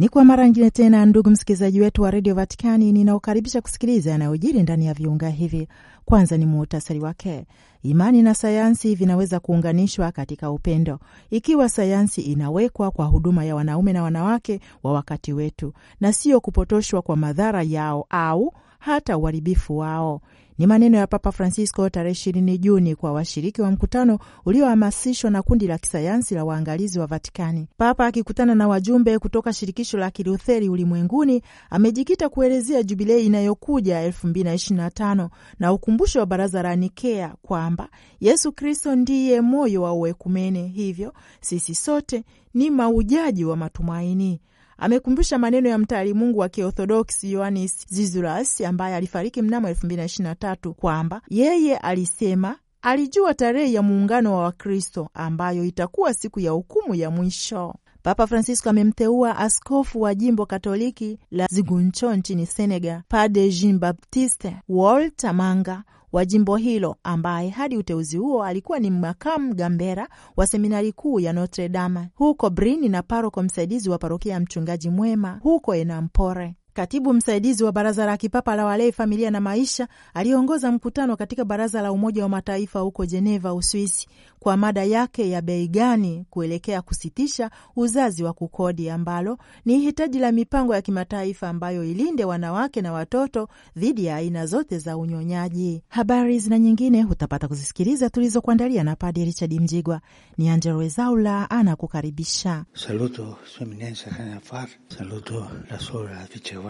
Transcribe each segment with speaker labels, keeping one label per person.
Speaker 1: Ni kwa mara nyingine tena, ndugu msikilizaji wetu wa redio Vatikani, ninaokaribisha kusikiliza yanayojiri ndani ya viunga hivi. Kwanza ni muhtasari wake. Imani na sayansi vinaweza kuunganishwa katika upendo, ikiwa sayansi inawekwa kwa huduma ya wanaume na wanawake wa wakati wetu, na sio kupotoshwa kwa madhara yao au hata uharibifu wao. Ni maneno ya Papa Francisco tarehe ishirini Juni kwa washiriki wa mkutano uliohamasishwa na kundi la kisayansi la waangalizi wa Vatikani. Papa akikutana na wajumbe kutoka shirikisho la Kilutheri ulimwenguni amejikita kuelezea jubilei inayokuja 2025 na ukumbusho wa baraza la Nikea kwamba Yesu Kristo ndiye moyo wa uekumene, hivyo sisi sote ni maujaji wa matumaini. Amekumbusha maneno ya mungu wa Kiorthodoksi yohannis Zizuras ambaye alifariki mnamo 2023 kwamba yeye alisema alijua tarehe ya muungano wa Wakristo ambayo itakuwa siku ya hukumu ya mwisho. Papa Francisco amemteua askofu wa jimbo katoliki la Ziguncho nchini Senegal, Pade Jean Baptiste Walter manga wa jimbo hilo ambaye hadi uteuzi huo alikuwa ni makamu gambera wa seminari kuu ya Notre Dame huko Brini na paroko msaidizi wa parokia ya mchungaji mwema huko Enampore. Katibu msaidizi wa baraza la kipapa la walei, familia na maisha aliongoza mkutano katika baraza la Umoja wa Mataifa huko Jeneva, Uswisi, kwa mada yake ya bei gani kuelekea kusitisha uzazi wa kukodi, ambalo ni hitaji la mipango ya kimataifa ambayo ilinde wanawake na watoto dhidi ya aina zote za unyonyaji. Habari zina nyingine hutapata kuzisikiliza tulizokuandalia na Padi Richard Mjigwa. Ni Angelo Wezaula anakukaribisha.
Speaker 2: Saluto,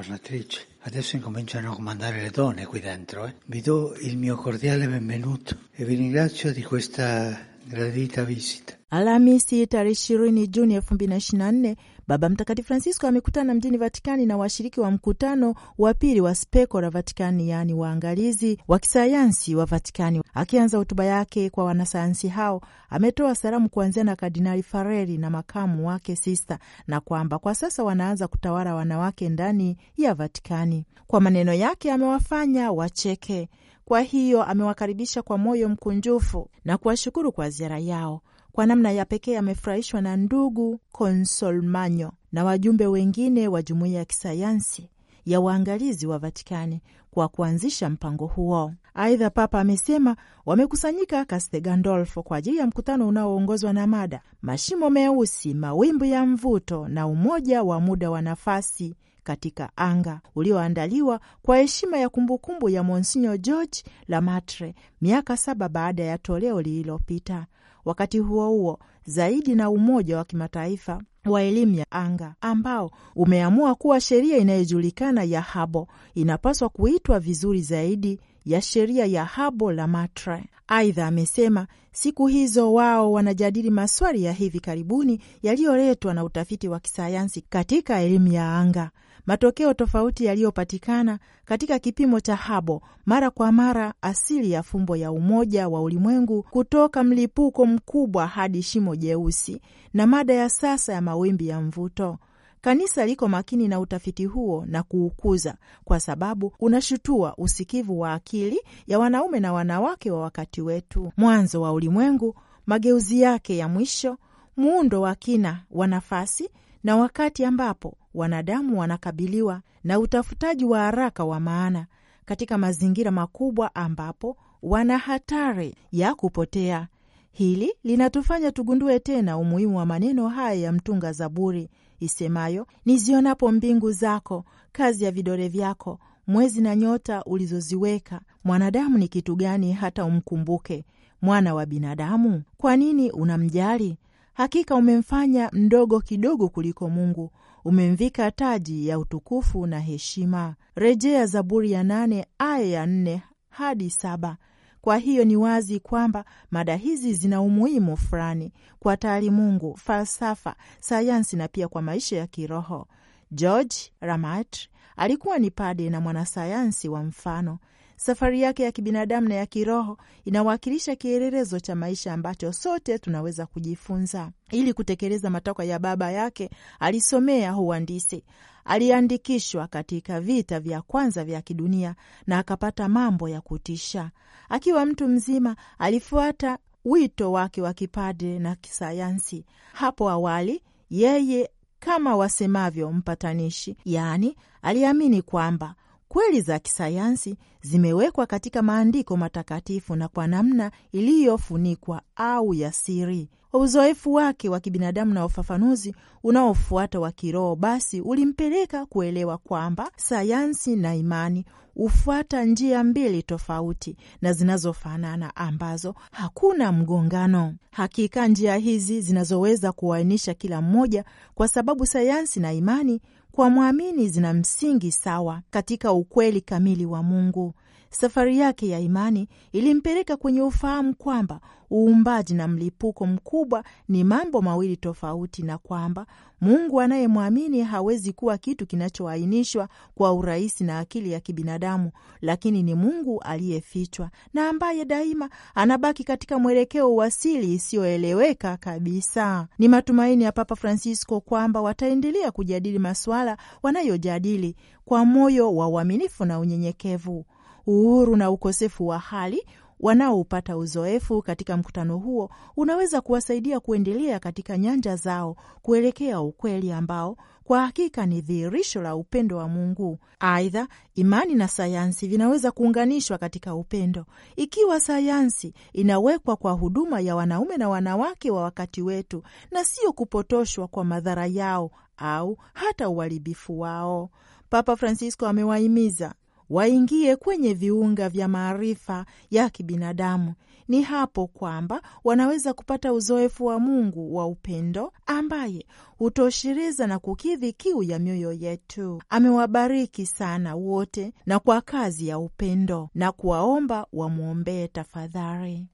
Speaker 2: governatrice. Adesso incominciano a comandare le donne
Speaker 1: qui dentro. Eh.
Speaker 2: Vi do il mio cordiale benvenuto e vi
Speaker 1: ringrazio di questa gradita visita. Alhamisi tarehe 20 Juni 2024 Baba Mtakatifu Francisco amekutana mjini Vatikani na washiriki wa mkutano wa pili wa speko la Vatikani, yaani waangalizi wa kisayansi wa Vatikani. Akianza hotuba yake kwa wanasayansi hao, ametoa salamu kuanzia na Kardinali Fareri na makamu wake Sista, na kwamba kwa sasa wanaanza kutawala wanawake ndani ya Vatikani. Kwa maneno yake, amewafanya wacheke. Kwa hiyo amewakaribisha kwa moyo mkunjufu na kuwashukuru kwa ziara yao kwa namna ya pekee amefurahishwa na ndugu Consolmagno na wajumbe wengine wa jumuiya ya kisayansi ya waangalizi wa Vatikani kwa kuanzisha mpango huo. Aidha, Papa amesema wamekusanyika Castel Gandolfo kwa ajili ya mkutano unaoongozwa na mada mashimo meusi, mawimbi ya mvuto na umoja wa muda wa nafasi katika anga ulioandaliwa kwa heshima ya kumbukumbu ya Monsignor George Lamatre miaka saba baada ya toleo lililopita. Wakati huo huo, zaidi na umoja wa kimataifa wa elimu ya anga ambao umeamua kuwa sheria inayojulikana ya Hubble inapaswa kuitwa vizuri zaidi ya sheria ya Habo la Matra. Aidha, amesema siku hizo wao wanajadili maswali ya hivi karibuni yaliyoletwa na utafiti wa kisayansi katika elimu ya anga. Matokeo tofauti yaliyopatikana katika kipimo cha Habo mara kwa mara, asili ya fumbo ya umoja wa ulimwengu, kutoka mlipuko mkubwa hadi shimo jeusi, na mada ya sasa ya mawimbi ya mvuto. Kanisa liko makini na utafiti huo na kuukuza, kwa sababu unashutua usikivu wa akili ya wanaume na wanawake wa wakati wetu. Mwanzo wa ulimwengu, mageuzi yake ya mwisho, muundo wa kina wa nafasi na wakati ambapo wanadamu wanakabiliwa na utafutaji wa haraka wa maana katika mazingira makubwa ambapo wana hatari ya kupotea. Hili linatufanya tugundue tena umuhimu wa maneno haya ya mtunga Zaburi isemayo, nizionapo mbingu zako, kazi ya vidole vyako, mwezi na nyota ulizoziweka, mwanadamu ni kitu gani hata umkumbuke? Mwana wa binadamu, kwa nini unamjali? Hakika umemfanya mdogo kidogo kuliko Mungu, umemvika taji ya utukufu na heshima. Rejea Zaburi ya nane aya ya nne hadi saba. Kwa hiyo ni wazi kwamba mada hizi zina umuhimu fulani kwa taalimungu, falsafa, sayansi na pia kwa maisha ya kiroho. George Ramat alikuwa ni pade na mwanasayansi wa mfano. Safari yake ya kibinadamu na ya kiroho inawakilisha kielelezo cha maisha ambacho sote tunaweza kujifunza. Ili kutekeleza matakwa ya baba yake, alisomea uhandisi. Aliandikishwa katika vita vya kwanza vya kidunia na akapata mambo ya kutisha. Akiwa mtu mzima, alifuata wito wake wa kipadre na kisayansi. Hapo awali yeye kama wasemavyo mpatanishi, yaani aliamini kwamba Kweli za kisayansi zimewekwa katika maandiko matakatifu na kwa namna iliyofunikwa au ya siri. Uzoefu wake wa kibinadamu na ufafanuzi unaofuata wa kiroho basi ulimpeleka kuelewa kwamba sayansi na imani hufuata njia mbili tofauti na zinazofanana ambazo hakuna mgongano. Hakika njia hizi zinazoweza kuainisha kila mmoja, kwa sababu sayansi na imani kwa mwamini zina msingi sawa katika ukweli kamili wa Mungu. Safari yake ya imani ilimpeleka kwenye ufahamu kwamba uumbaji na mlipuko mkubwa ni mambo mawili tofauti, na kwamba Mungu anayemwamini hawezi kuwa kitu kinachoainishwa kwa urahisi na akili ya kibinadamu, lakini ni Mungu aliyefichwa na ambaye daima anabaki katika mwelekeo uasili isiyoeleweka kabisa. Ni matumaini ya Papa Francisco kwamba wataendelea kujadili masuala wanayojadili kwa moyo wa uaminifu na unyenyekevu uhuru na ukosefu wa hali wanaoupata uzoefu katika mkutano huo unaweza kuwasaidia kuendelea katika nyanja zao kuelekea ukweli ambao kwa hakika ni dhihirisho la upendo wa Mungu. Aidha, imani na sayansi vinaweza kuunganishwa katika upendo, ikiwa sayansi inawekwa kwa huduma ya wanaume na wanawake wa wakati wetu na sio kupotoshwa kwa madhara yao au hata uharibifu wao. Papa Francisco amewahimiza waingie kwenye viunga vya maarifa ya kibinadamu. Ni hapo kwamba wanaweza kupata uzoefu wa Mungu wa upendo ambaye hutoshiriza na kukidhi kiu ya mioyo yetu. Amewabariki sana wote na kwa kazi ya upendo na kuwaomba wamwombee tafadhali.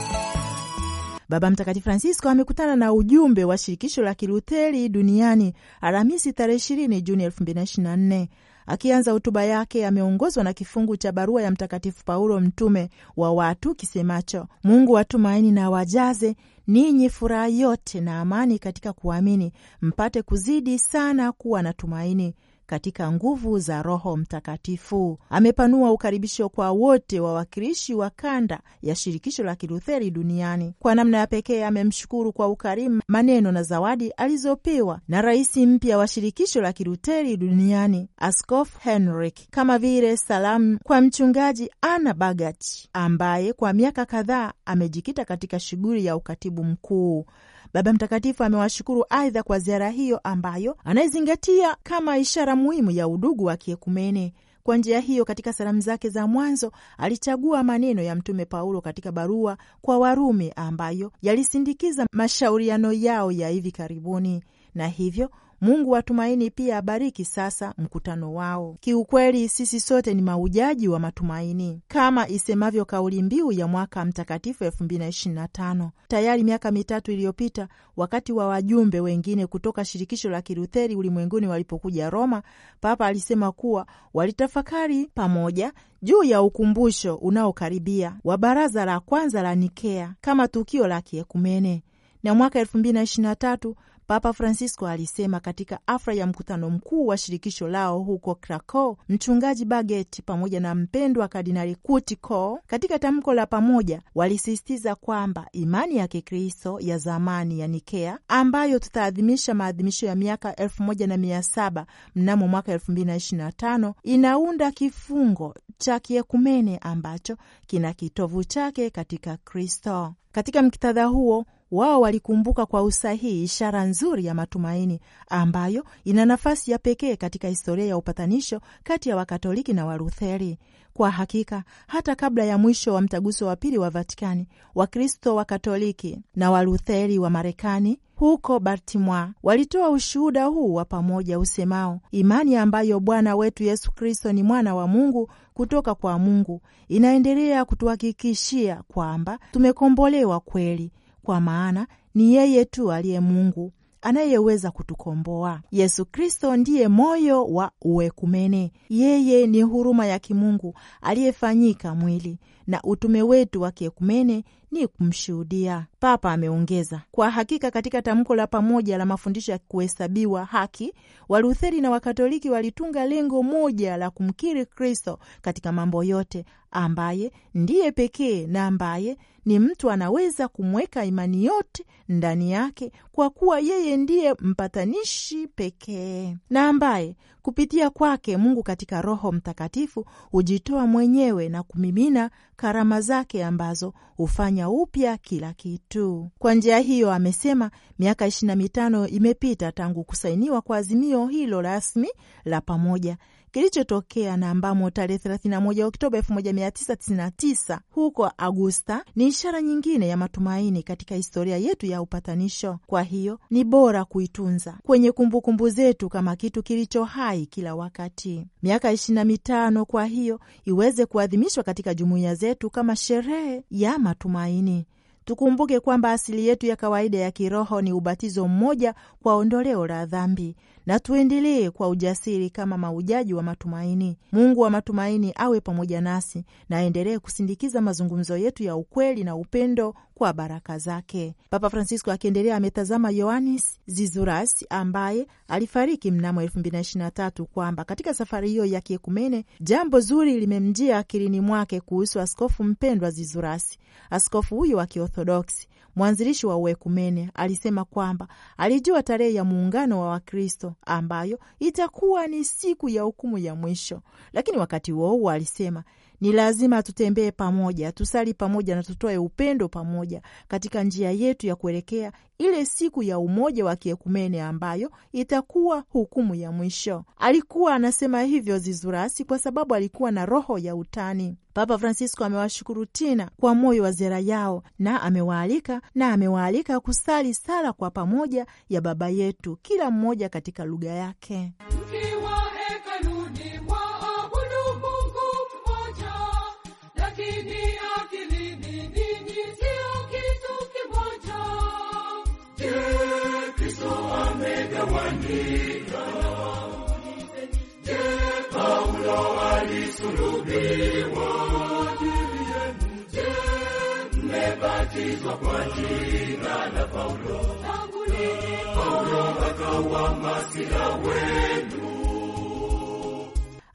Speaker 1: Baba Mtakatifu Francisco amekutana na ujumbe wa shirikisho la kiluteri duniani Alhamisi tarehe 20 Juni 2024. Akianza hotuba yake ameongozwa na kifungu cha barua ya Mtakatifu Paulo mtume wa watu kisemacho, Mungu watumaini na wajaze ninyi furaha yote na amani katika kuamini, mpate kuzidi sana kuwa na tumaini katika nguvu za Roho Mtakatifu. Amepanua ukaribisho kwa wote wawakilishi wa kanda ya shirikisho la Kilutheri duniani. Kwa namna ya pekee amemshukuru kwa ukarimu maneno na zawadi alizopewa na rais mpya wa shirikisho la Kilutheri duniani Askof Henrik, kama vile salamu kwa mchungaji Anna Bagat ambaye kwa miaka kadhaa amejikita katika shughuli ya ukatibu mkuu. Baba Mtakatifu amewashukuru aidha kwa ziara hiyo ambayo anaizingatia kama ishara muhimu ya udugu wa kiekumene. Kwa njia hiyo, katika salamu zake za mwanzo alichagua maneno ya Mtume Paulo katika barua kwa Warumi ambayo yalisindikiza mashauriano yao ya hivi karibuni, na hivyo Mungu watumaini pia abariki sasa mkutano wao. Kiukweli sisi sote ni maujaji wa matumaini kama isemavyo kauli mbiu ya mwaka mtakatifu 2025. Tayari miaka mitatu iliyopita, wakati wa wajumbe wengine kutoka shirikisho la Kilutheri ulimwenguni walipokuja Roma, Papa alisema kuwa walitafakari pamoja juu ya ukumbusho unaokaribia wa baraza la kwanza la Nikea kama tukio la kiekumene na mwaka elfu mbili na ishirini na tatu Papa Francisco alisema katika afra ya mkutano mkuu wa shirikisho lao huko Krakow. Mchungaji Bageti pamoja na mpendwa Kardinali Kutiko katika tamko la pamoja walisisitiza kwamba imani ya Kikristo ya zamani ya Nikea ambayo tutaadhimisha maadhimisho ya miaka elfu moja na mia saba mnamo mwaka elfu mbili na ishirini na tano inaunda kifungo cha kiekumene ambacho kina kitovu chake katika Kristo. Katika mkitadha huo wao walikumbuka kwa usahihi ishara nzuri ya matumaini ambayo ina nafasi ya pekee katika historia ya upatanisho kati ya Wakatoliki na Walutheri. Kwa hakika, hata kabla ya mwisho wa mtaguso wa pili wa Vatikani, Wakristo Wakatoliki na Walutheri wa Marekani huko Baltimore walitoa ushuhuda huu wa pamoja usemao, imani ambayo Bwana wetu Yesu Kristo ni mwana wa Mungu kutoka kwa Mungu inaendelea kutuhakikishia kwamba tumekombolewa kweli kwa maana ni yeye tu aliye Mungu anayeweza kutukomboa. Yesu Kristo ndiye moyo wa uekumene. Yeye ni huruma ya kimungu aliyefanyika mwili, na utume wetu wa kiekumene ni kumshuhudia. Papa ameongeza, kwa hakika katika tamko la pamoja la mafundisho ya kuhesabiwa haki, Walutheri na Wakatoliki walitunga lengo moja la kumkiri Kristo katika mambo yote, ambaye ndiye pekee na ambaye ni mtu anaweza kumweka imani yote ndani yake kwa kuwa yeye ndiye mpatanishi pekee na ambaye kupitia kwake Mungu katika Roho Mtakatifu hujitoa mwenyewe na kumimina karama zake ambazo hufanya upya kila kitu. Kwa njia hiyo, amesema miaka ishirini na mitano imepita tangu kusainiwa kwa azimio hilo rasmi la pamoja kilichotokea na ambamo tarehe 31 Oktoba 1999 huko Augusta ni ishara nyingine ya matumaini katika historia yetu ya upatanisho. Kwa hiyo ni bora kuitunza kwenye kumbukumbu -kumbu zetu kama kitu kilicho hai kila wakati. Miaka ishirini na mitano kwa hiyo iweze kuadhimishwa katika jumuiya zetu kama sherehe ya matumaini. Tukumbuke kwamba asili yetu ya kawaida ya kiroho ni ubatizo mmoja kwa ondoleo la dhambi, na tuendelee kwa ujasiri kama maujaji wa matumaini. Mungu wa matumaini awe pamoja nasi na aendelee kusindikiza mazungumzo yetu ya ukweli na upendo kwa baraka zake. Papa Francisco akiendelea ametazama Yohanis Zizuras ambaye alifariki mnamo 2023 kwamba katika safari hiyo ya kiekumene jambo zuri limemjia akilini mwake kuhusu askofu mpendwa Zizurasi. Askofu huyo wa Kiorthodoksi, mwanzilishi wa uekumene, alisema kwamba alijua tarehe ya muungano wa Wakristo ambayo itakuwa ni siku ya hukumu ya mwisho. Lakini wakati huo huo alisema ni lazima tutembee pamoja, tusali pamoja na tutoe upendo pamoja katika njia yetu ya kuelekea ile siku ya umoja wa kiekumene ambayo itakuwa hukumu ya mwisho. Alikuwa anasema hivyo Zizurasi kwa sababu alikuwa na roho ya utani. Papa Francisco amewashukuru tena kwa moyo wa ziara yao na amewaalika na amewaalika kusali sala kwa pamoja ya Baba yetu, kila mmoja katika lugha yake.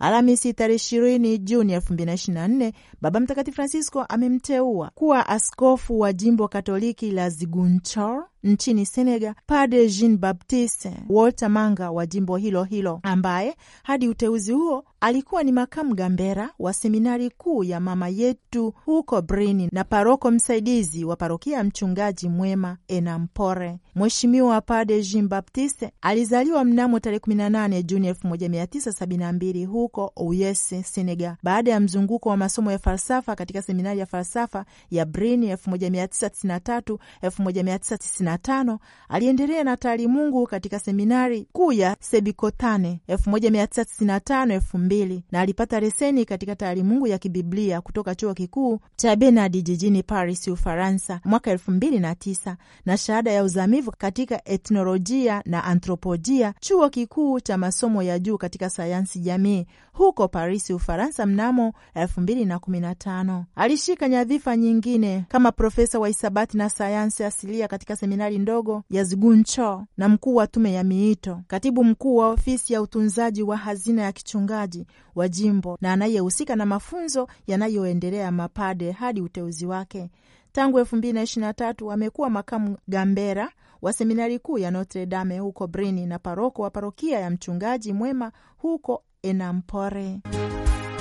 Speaker 1: Alhamisi tarehe ishirini Juni elfu mbili na na nne Baba Mtakatifu Francisco amemteua kuwa askofu wa jimbo Katoliki la Zigunchor nchini Senegal, Padre Jean Baptiste Walter Manga wa jimbo hilo hilo, ambaye hadi uteuzi huo alikuwa ni makamu gambera wa seminari kuu ya Mama Yetu huko Brini na paroko msaidizi wa parokia ya Mchungaji Mwema Enampore. Mheshimiwa Padre Jean Baptiste alizaliwa mnamo tarehe 18 Juni 1972 huko Oyese, Senegal, baada ya mzunguko wa masomo ya falsafa katika seminari ya falsafa ya Brini 1993 1994 1995 aliendelea na taalimungu katika seminari kuu ya Sebikotane 1995 2000 na alipata leseni katika taalimungu ya kibiblia kutoka chuo kikuu cha Benardi jijini Paris, Ufaransa mwaka 2009 na shahada ya uzamivu katika etnolojia na antropolojia chuo kikuu cha masomo ya juu katika sayansi jamii huko Paris, Ufaransa mnamo 2015. Alishika nyadhifa nyingine kama profesa wa hisabati na sayansi asilia katika seminari Jenerali ndogo Yaziguncho na mkuu wa tume ya miito, katibu mkuu wa ofisi ya utunzaji wa hazina ya kichungaji wa jimbo na anayehusika na mafunzo yanayoendelea mapade hadi uteuzi wake. Tangu elfu mbili na na tatu amekuwa makamu gambera wa seminari kuu ya Notre Dame huko Brini na paroko wa parokia ya mchungaji mwema huko Enampore.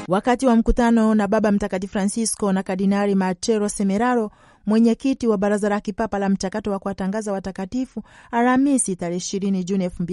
Speaker 1: Wakati wa mkutano na Baba Mtakatifu Francisco na Kardinali Marcelo Semeraro mwenyekiti wa Baraza la Kipapa la Mchakato wa Kuwatangaza Watakatifu, Alhamisi tarehe ishirini Juni elfu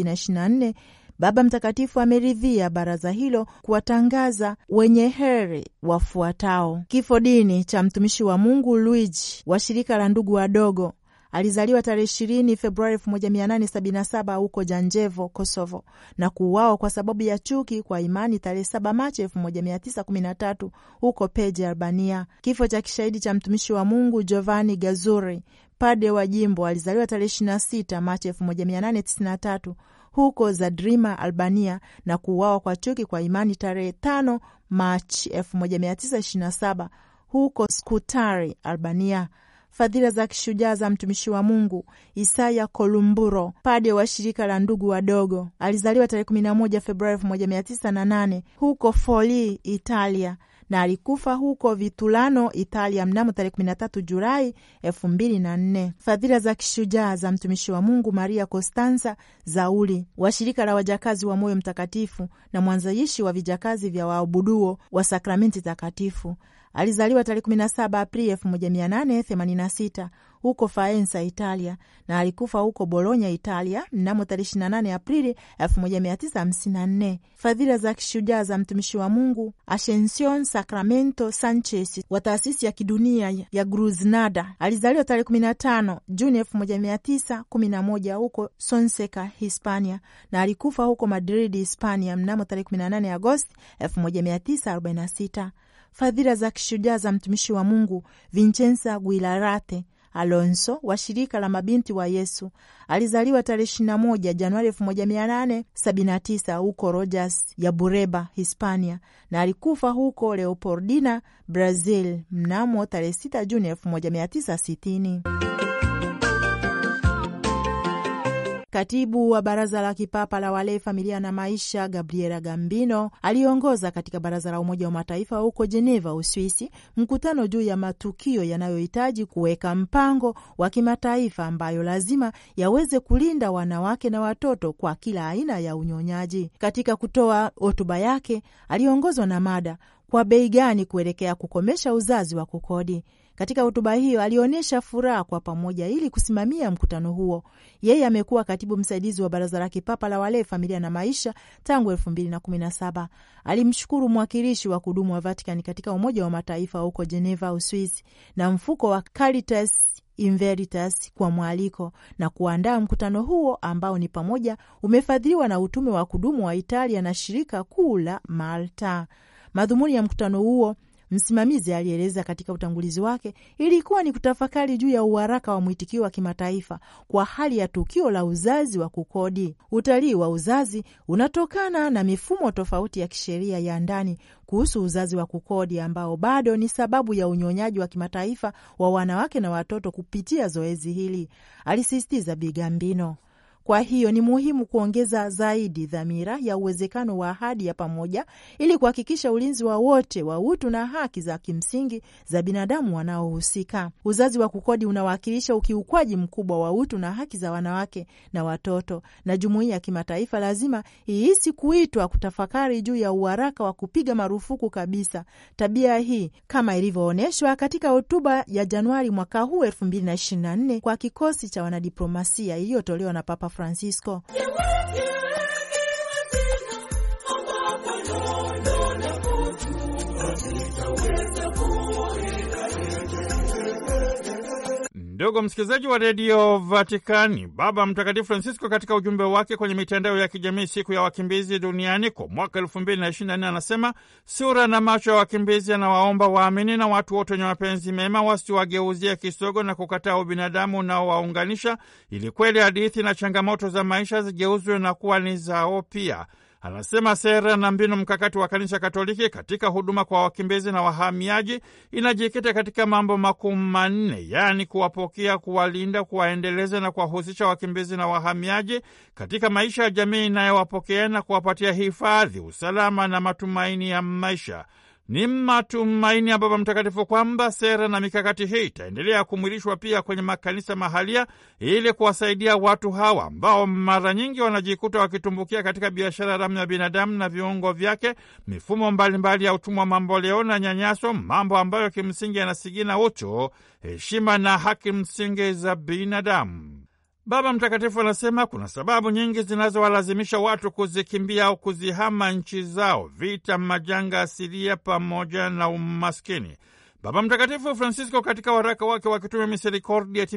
Speaker 1: Baba Mtakatifu ameridhia baraza hilo kuwatangaza wenye heri wafuatao: kifo dini cha mtumishi wa Mungu Luigi wa shirika la ndugu wadogo Alizaliwa tarehe ishirini Februari 1877 huko Janjevo, Kosovo, na kuuawa kwa sababu ya chuki kwa imani tarehe 7 Machi 1913 huko Peji, Albania. Kifo cha kishahidi cha mtumishi wa Mungu Giovanni Gazuri, pade wa jimbo, alizaliwa tarehe 26 Machi 1893 huko Zadrima, Albania, na kuuawa kwa chuki kwa imani tarehe 5 Machi 1927 huko Skutari, Albania. Fadhila za kishujaa za mtumishi wa Mungu Isaya Kolumburo, pade wa shirika la ndugu wadogo. Alizaliwa tarehe 11 Februari 1908 huko foli Italia na alikufa huko Vitulano, Italia mnamo tarehe 13 Julai 2004. Fadhila za kishujaa za mtumishi wa Mungu Maria Costanza Zauli wa shirika la wajakazi wa Moyo Mtakatifu na mwanzaishi wa vijakazi vya waabuduo wa sakramenti takatifu Alizaliwa tarehe 17 Aprili 1886 huko Faenza, Italia, na alikufa huko Bologna, Italia mnamo tarehe 28 Aprili 1954. Fadhila za kishujaa za mtumishi wa Mungu Ascension Sacramento Sanchez wa taasisi ya kidunia ya Gruznada. Alizaliwa tarehe 15 Juni 1911 huko Sonseca, Hispania, na alikufa huko Madrid, Hispania mnamo tarehe 18 Agosti 1946 fadhila za kishujaa za mtumishi wa Mungu Vincenza Guilarate Alonso wa shirika la mabinti wa Yesu. Alizaliwa tarehe 21 Januari 1879 huko Rojas ya Bureba, Hispania, na alikufa huko Leopoldina, Brazil mnamo tarehe 6 Juni 1960. Katibu wa Baraza la Kipapa la Wale, Familia na Maisha, Gabriela Gambino, aliongoza katika Baraza la Umoja wa Mataifa huko Jeneva, Uswisi, mkutano juu ya matukio yanayohitaji kuweka mpango wa kimataifa ambayo lazima yaweze kulinda wanawake na watoto kwa kila aina ya unyonyaji. Katika kutoa hotuba yake aliongozwa na mada kwa bei gani kuelekea kukomesha uzazi wa kukodi. Katika hotuba hiyo alionyesha furaha kwa pamoja ili kusimamia mkutano huo. Yeye amekuwa katibu msaidizi wa Baraza la Kipapa la Walei, Familia na Maisha tangu elfu mbili na kumi na saba. Alimshukuru mwakilishi wa kudumu wa Vatican katika Umoja wa Mataifa huko Geneva, Uswisi, na mfuko wa Caritas in Veritas kwa mwaliko na kuandaa mkutano huo ambao ni pamoja umefadhiliwa na utume wa kudumu wa Italia na shirika kuu la Malta. Madhumuni ya mkutano huo, msimamizi alieleza katika utangulizi wake, ilikuwa ni kutafakari juu ya uharaka wa mwitikio wa kimataifa kwa hali ya tukio la uzazi wa kukodi. Utalii wa uzazi unatokana na mifumo tofauti ya kisheria ya ndani kuhusu uzazi wa kukodi ambao bado ni sababu ya unyonyaji wa kimataifa wa wanawake na watoto kupitia zoezi hili, alisisitiza Bigambino. Kwa hiyo ni muhimu kuongeza zaidi dhamira ya uwezekano wa ahadi ya pamoja ili kuhakikisha ulinzi wa wote wa utu na haki za kimsingi za binadamu wanaohusika. Uzazi wa kukodi unawakilisha ukiukwaji mkubwa wa utu na haki za wanawake na watoto, na jumuiya ya kimataifa lazima ihisi kuitwa kutafakari juu ya uharaka wa kupiga marufuku kabisa tabia hii kama ilivyoonyeshwa katika hotuba ya Januari mwaka huu elfu kwa kikosi cha wanadiplomasia iliyotolewa na Papa Francisco.
Speaker 2: Ndugu msikilizaji wa redio Vatikani, Baba Mtakatifu Francisco katika ujumbe wake kwenye mitandao ya kijamii siku ya wakimbizi duniani kwa mwaka elfu mbili na ishirini na nne anasema sura na macho ya wakimbizi anawaomba waamini na watu wote wenye mapenzi mema wasiwageuzie kisogo na kukataa ubinadamu unaowaunganisha, ili kweli hadithi na changamoto za maisha zigeuzwe na kuwa ni zao pia. Anasema sera na mbinu mkakati wa Kanisa Katoliki katika huduma kwa wakimbizi na wahamiaji inajikita katika mambo makuu manne, yaani kuwapokea, kuwalinda, kuwaendeleza na kuwahusisha wakimbizi na wahamiaji katika maisha ya jamii inayowapokea na kuwapatia hifadhi, usalama na matumaini ya maisha. Ni matumaini ya Baba Mtakatifu kwamba sera na mikakati hii itaendelea kumwilishwa pia kwenye makanisa mahalia ili kuwasaidia watu hawa ambao mara nyingi wanajikuta wakitumbukia katika biashara haramu ya binadamu na viungo vyake, mifumo mbalimbali mbali ya utumwa mamboleo na nyanyaso, mambo ambayo kimsingi yanasigina utu, heshima na haki msingi za binadamu. Baba Mtakatifu anasema kuna sababu nyingi zinazowalazimisha watu kuzikimbia au kuzihama nchi zao: vita, majanga asilia pamoja na umaskini. Baba Mtakatifu Francisco katika waraka wake wa kitume Misericordia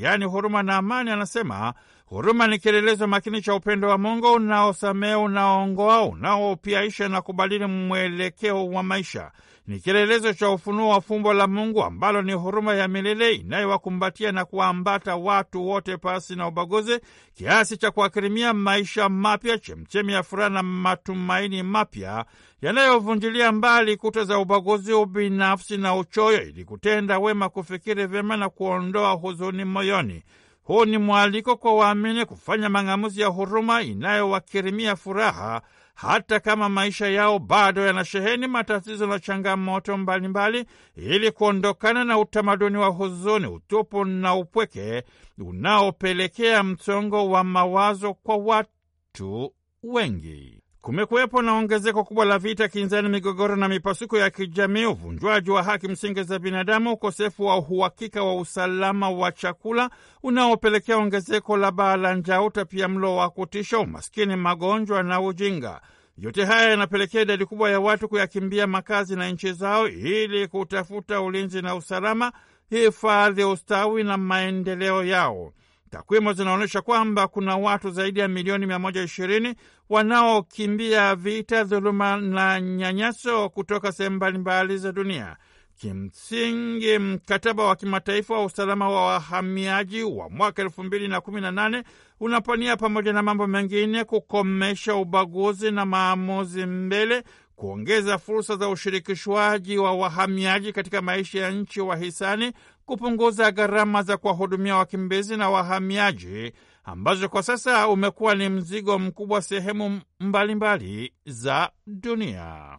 Speaker 2: yaani huruma na amani, anasema huruma ni kielelezo makini cha upendo wa Mungu unaosamehe, unaongoa unaopiaisha na kubadili mwelekeo wa maisha ni kielelezo cha ufunuo wa fumbo la Mungu ambalo ni huruma ya milele inayowakumbatia na kuwaambata watu wote pasi na ubaguzi, kiasi cha kuwakirimia maisha mapya, chemchemi ya furaha na matumaini mapya yanayovunjilia mbali kuta za ubaguzi, ubinafsi na uchoyo, ili kutenda wema, kufikiri vyema na kuondoa huzuni moyoni. Huu ni mwaliko kwa waamini kufanya mang'amuzi ya huruma inayowakirimia furaha hata kama maisha yao bado yanasheheni matatizo na changamoto mbalimbali, ili kuondokana na utamaduni wa huzuni, utupu na upweke unaopelekea msongo wa mawazo kwa watu wengi. Kumekuwepo na ongezeko kubwa la vita, kinzani, migogoro na mipasuko ya kijamii, uvunjwaji wa haki msingi za binadamu, ukosefu wa uhakika wa usalama wa chakula unaopelekea ongezeko la baa la njaa, utapia mlo wa kutisha, umaskini, magonjwa na ujinga. Yote haya yanapelekea idadi kubwa ya watu kuyakimbia makazi na nchi zao ili kutafuta ulinzi na usalama, hifadhi, ustawi na maendeleo yao. Takwimu zinaonyesha kwamba kuna watu zaidi ya milioni mia moja ishirini wanaokimbia vita, dhuluma na nyanyaso kutoka sehemu mbalimbali za dunia. Kimsingi, mkataba wa kimataifa wa usalama wa wahamiaji wa mwaka elfu mbili na kumi na nane unapania pamoja na mambo mengine kukomesha ubaguzi na maamuzi mbele, kuongeza fursa za ushirikishwaji wa wahamiaji katika maisha ya nchi wahisani kupunguza gharama za kuwahudumia wakimbizi na wahamiaji ambazo kwa sasa umekuwa ni mzigo mkubwa sehemu mbalimbali mbali za dunia.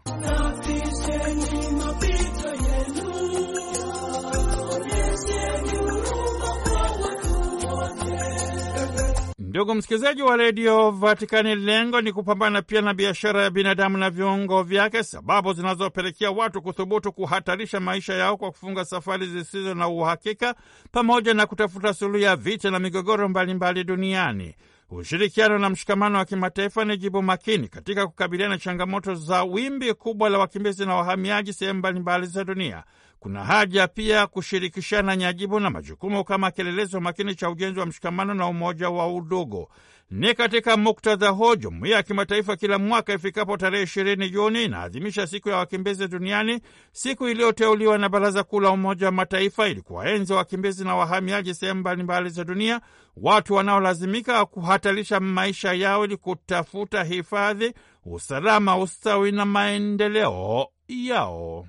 Speaker 2: Ndugu msikilizaji wa redio Vatikani, lengo ni kupambana pia na biashara ya binadamu na viungo vyake, sababu zinazopelekea watu kuthubutu kuhatarisha maisha yao kwa kufunga safari zisizo na uhakika, pamoja na kutafuta suluhu ya vita na migogoro mbalimbali duniani. Ushirikiano na mshikamano wa kimataifa ni jibu makini katika kukabiliana changamoto za wimbi kubwa la wakimbizi na wahamiaji sehemu mbalimbali za dunia. Kuna haja pia kushirikishana nyajibu na majukumu kama kielelezo makini cha ujenzi wa mshikamano na umoja wa udugu. Ni katika muktadha huo jumuiya ya kimataifa kila mwaka ifikapo tarehe ishirini Juni inaadhimisha siku ya wakimbizi duniani, siku iliyoteuliwa na Baraza Kuu la Umoja wa Mataifa ili kuwaenzi wakimbizi na wahamiaji sehemu mbalimbali za dunia, watu wanaolazimika kuhatarisha maisha yao ili kutafuta hifadhi, usalama, ustawi na maendeleo yao.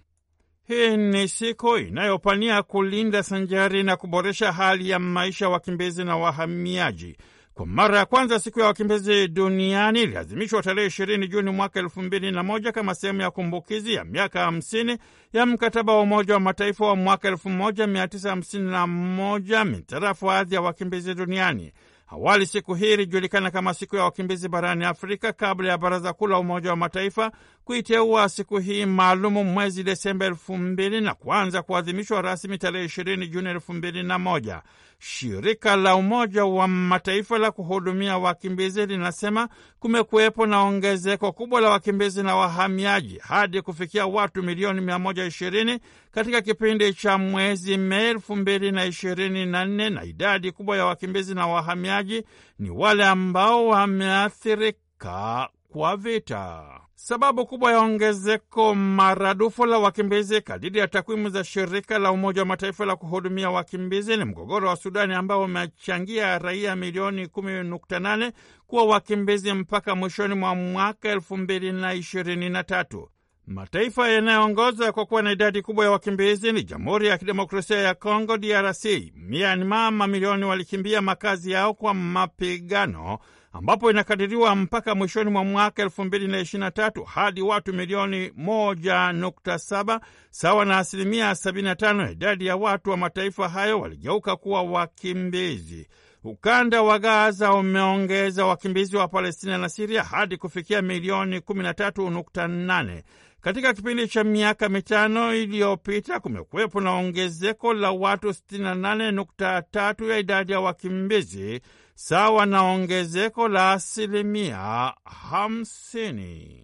Speaker 2: Hii ni siku inayopania kulinda sanjari na kuboresha hali ya maisha wakimbizi na wahamiaji. Kwa mara ya kwanza siku ya wakimbizi duniani iliadhimishwa tarehe ishirini Juni mwaka elfu mbili na moja kama sehemu ya kumbukizi ya miaka hamsini ya mkataba wa Umoja wa Mataifa wa mwaka elfu moja mia tisa hamsini na moja mitarafu hadhi ya wakimbizi duniani. Awali siku hii ilijulikana kama siku ya wakimbizi barani Afrika kabla ya Baraza Kuu la Umoja wa Mataifa kuiteua siku hii maalumu mwezi Desemba elfu mbili na kuanza kuadhimishwa rasmi tarehe ishirini Juni elfu mbili na moja. Shirika la Umoja wa Mataifa la kuhudumia wakimbizi linasema kumekuwepo na ongezeko kubwa la wakimbizi na wahamiaji hadi kufikia watu milioni 120 katika kipindi cha mwezi Mei elfu mbili na ishirini na nne, na idadi kubwa ya wakimbizi na wahamiaji ni wale ambao wameathirika kwa vita. Sababu kubwa ya ongezeko maradufu la wakimbizi kadiri ya takwimu za shirika la Umoja wa Mataifa la kuhudumia wakimbizi ni mgogoro wa Sudani ambao umechangia raia milioni 10.8 kuwa wakimbizi mpaka mwishoni mwa mwaka 2023. Mataifa yanayoongoza kwa kuwa na idadi kubwa ya wakimbizi ni Jamhuri ya Kidemokrasia ya Kongo, DRC. Myanmar, mamilioni walikimbia makazi yao kwa mapigano ambapo inakadiriwa mpaka mwishoni mwa mwaka elfu mbili na ishirini na tatu hadi watu milioni moja nukta saba sawa na asilimia sabini na tano idadi ya watu wa mataifa hayo waligeuka kuwa wakimbizi. Ukanda wa Gaza umeongeza wakimbizi wa Palestina na Siria hadi kufikia milioni 13.8. Katika kipindi cha miaka mitano iliyopita kumekuwepo na ongezeko la watu 68.3 ya idadi ya wakimbizi sawa na ongezeko la asilimia hamsini.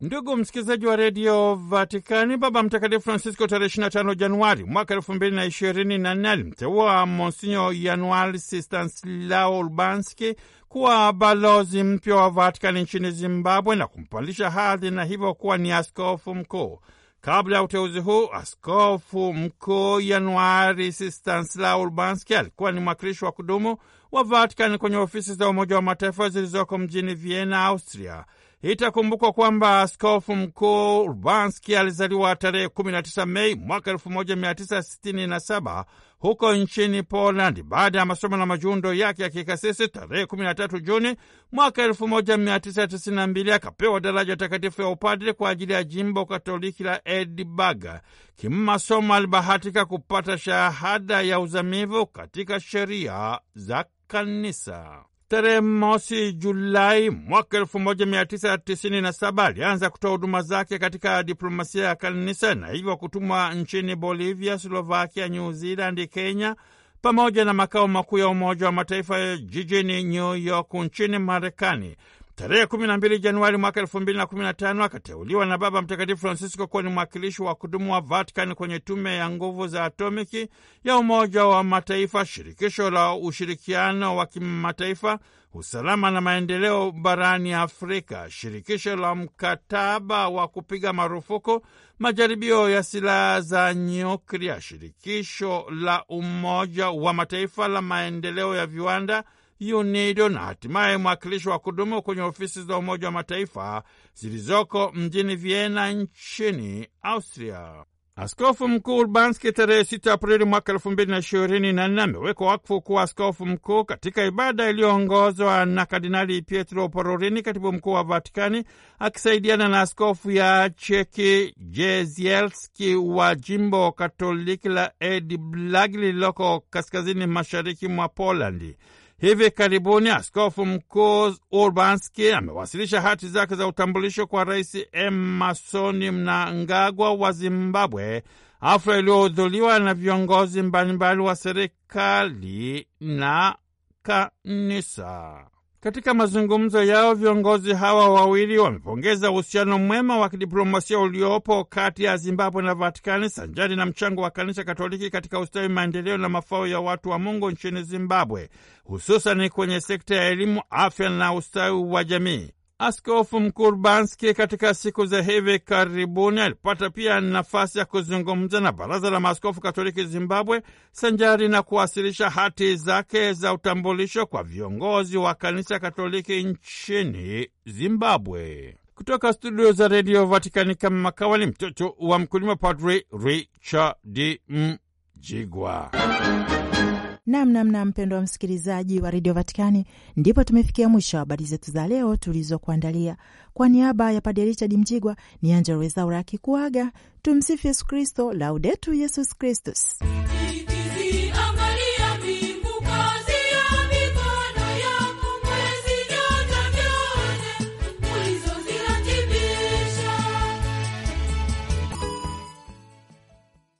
Speaker 2: Ndugu msikilizaji wa redio Vatikani, Baba Mtakatifu Francisco tarehe 25 Januari mwaka elfu alimteua Monsinyo Januari Sistanslao Lubanski kuwa balozi mpya wa Vatikani nchini Zimbabwe na kumpandisha hadhi na hivyo kuwa ni askofu mkuu. Kabla ya uteuzi huu, askofu mkuu yanuari Sistanslao Lubanski alikuwa ni mwakilishi wa kudumu wa Vatikani kwenye ofisi za Umoja wa Mataifa zilizoko mjini Vienna, Austria. Itakumbukwa kwamba askofu mkuu Urbanski alizaliwa tarehe 19 Mei mwaka 1967 huko nchini poland Baada ya masomo na majundo yake ya kikasisi, tarehe 13 Juni mwaka 1992 akapewa daraja takatifu ya upadre kwa ajili ya jimbo katoliki la Edinburgh. Kimasomo alibahatika kupata shahada ya uzamivu katika sheria za kanisa. Tarehe mosi Julai mwaka saba alianza kutoa huduma zake katika diplomasia ya kanisa na hivyo kutumwa nchini Bolivia, Slovakia, New Zealand, Kenya pamoja na makao makuu ya Umoja wa Mataifa jijini New York nchini Marekani. Tarehe 12 Januari mwaka 2015 akateuliwa na Baba Mtakatifu Francisco kuwa ni mwakilishi wa kudumu wa Vatican kwenye Tume ya Nguvu za Atomiki ya Umoja wa Mataifa, Shirikisho la Ushirikiano wa Kimataifa, Usalama na Maendeleo barani Afrika, Shirikisho la Mkataba wa Kupiga Marufuku Majaribio ya Silaha za Nyuklia, Shirikisho la Umoja wa Mataifa la Maendeleo ya Viwanda UNAIDS na hatimaye mwakilishi wa kudumu kwenye ofisi za Umoja wa Mataifa zilizoko mjini Vienna nchini Austria. Askofu Mkuu Urbanski tarehe 6 Aprili mwaka elfu amewekwa wakfu kuwa askofu mkuu katika ibada iliyoongozwa na Kardinali Pietro Parolin, katibu mkuu wa Vatikani, akisaidiana na askofu ya Cheki Jezielski wa jimbo Katoliki la Edi Blag lililoko kaskazini mashariki mwa Polandi. Hivi karibuni askofu mkuu Urbanski amewasilisha hati zake za utambulisho kwa Rais Emerson Mnangagwa wa Zimbabwe, hafla iliyohudhuriwa na viongozi mbalimbali wa serikali na kanisa. Katika mazungumzo yao viongozi hawa wawili wamepongeza uhusiano mwema wa kidiplomasia uliopo kati ya Zimbabwe na Vatikani sanjari na mchango wa Kanisa Katoliki katika ustawi, maendeleo na mafao ya watu wa Mungu nchini Zimbabwe, hususani kwenye sekta ya elimu, afya na ustawi wa jamii. Askofu Mkurbanski katika siku za hivi karibuni alipata pia nafasi ya kuzungumza na Baraza la Maaskofu Katoliki Zimbabwe sanjari na kuwasilisha hati zake za utambulisho kwa viongozi wa Kanisa Katoliki nchini Zimbabwe. Kutoka studio za redio Vatikani, kama makawa ni mtoto wa mkulima, Padri Richard Mjigwa.
Speaker 1: Namnamna mpendo wa msikilizaji wa redio Vatikani, ndipo tumefikia mwisho wa habari zetu za leo tulizokuandalia. Kwa, kwa niaba ya Padre Richard Mjigwa ni Angelo Wezaura akikuaga. Tumsifu Yesu Kristo, Laudetu Yesus Kristus.